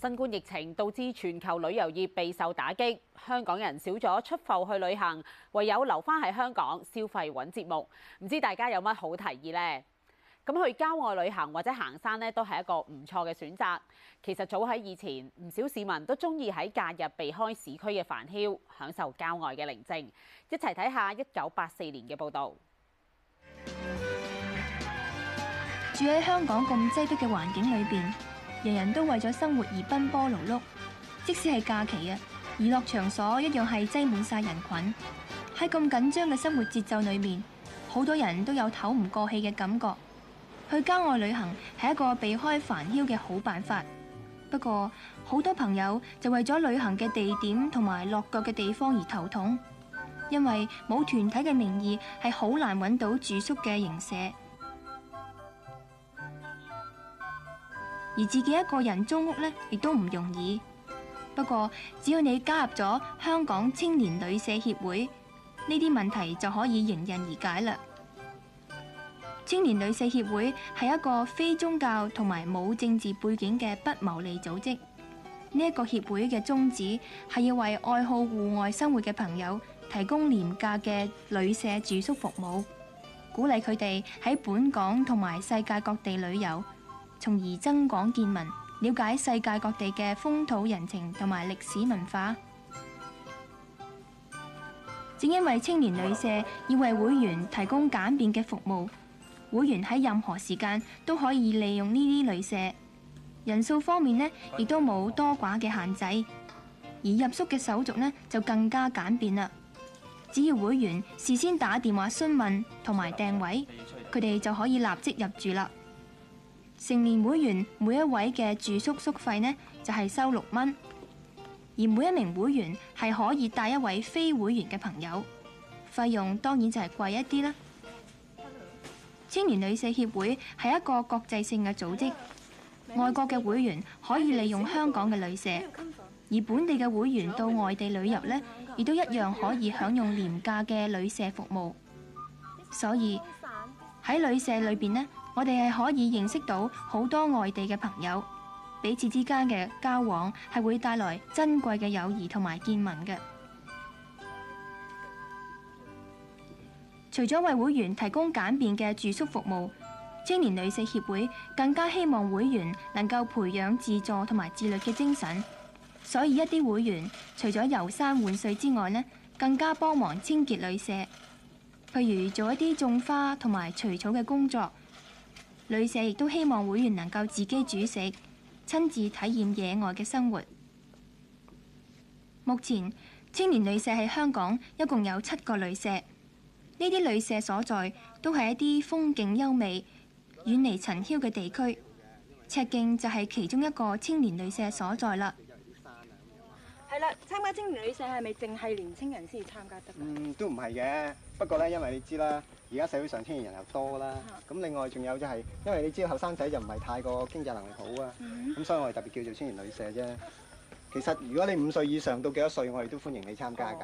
新冠疫情導致全球旅遊業備受打擊，香港人少咗出埠去旅行，唯有留翻喺香港消費揾節目。唔知大家有乜好提議呢？咁去郊外旅行或者行山呢，都係一個唔錯嘅選擇。其實早喺以前，唔少市民都中意喺假日避開市區嘅煩囂，享受郊外嘅寧靜。一齊睇下一九八四年嘅報導。住喺香港咁擠迫嘅環境裏邊，人人都為咗生活而奔波勞碌，即使係假期啊，娛樂場所一樣係擠滿晒人群。喺咁緊張嘅生活節奏裏面，好多人都有透唔過氣嘅感覺。去郊外旅行係一個避開煩囂嘅好辦法，不過好多朋友就為咗旅行嘅地點同埋落腳嘅地方而頭痛，因為冇團體嘅名義係好難揾到住宿嘅營舍。而自己一個人租屋咧，亦都唔容易。不過只要你加入咗香港青年旅舍協會，呢啲問題就可以迎刃而解啦。青年旅舍協會係一個非宗教同埋冇政治背景嘅不牟利組織。呢、這、一個協會嘅宗旨係要為愛好戶外生活嘅朋友提供廉價嘅旅舍住宿服務，鼓勵佢哋喺本港同埋世界各地旅遊。從而增廣見聞，了解世界各地嘅風土人情同埋歷史文化。正因為青年旅舍要為會員提供簡便嘅服務，會員喺任何時間都可以利用呢啲旅舍。人數方面呢，亦都冇多寡嘅限制，而入宿嘅手續呢，就更加簡便啦。只要會員事先打電話詢問同埋訂位，佢哋就可以立即入住啦。成年會員每一位嘅住宿宿費呢，就係收六蚊；而每一名會員係可以帶一位非會員嘅朋友，費用當然就係貴一啲啦。青年旅舍協會係一個國際性嘅組織，外國嘅會員可以利用香港嘅旅舍，而本地嘅會員到外地旅遊呢，亦都一樣可以享用廉價嘅旅舍服務。所以喺旅舍裏邊呢，我哋係可以認識到好多外地嘅朋友，彼此之間嘅交往係會帶來珍貴嘅友誼同埋見聞嘅。除咗為會員提供簡便嘅住宿服務，青年旅舍協會更加希望會員能夠培養自助同埋自律嘅精神。所以一啲會員除咗遊山玩水之外，呢更加幫忙清潔旅舍，譬如做一啲種花同埋除草嘅工作。旅舍亦都希望會員能夠自己煮食，親自體驗野外嘅生活。目前青年旅舍喺香港一共有七個旅舍，呢啲旅舍所在都係一啲風景優美、遠離塵囂嘅地區。赤徑就係其中一個青年旅舍所在啦。係啦，參加青年旅舍係咪淨係年青人先要參加得？嗯，都唔係嘅。不過咧，因為你知啦，而家社會上青年人又多啦。咁另外仲有就係，因為你知道後生仔就唔係太過經濟能力好啊。咁所以我哋特別叫做青年旅舍啫。其實如果你五歲以上到幾多歲，我哋都歡迎你參加㗎。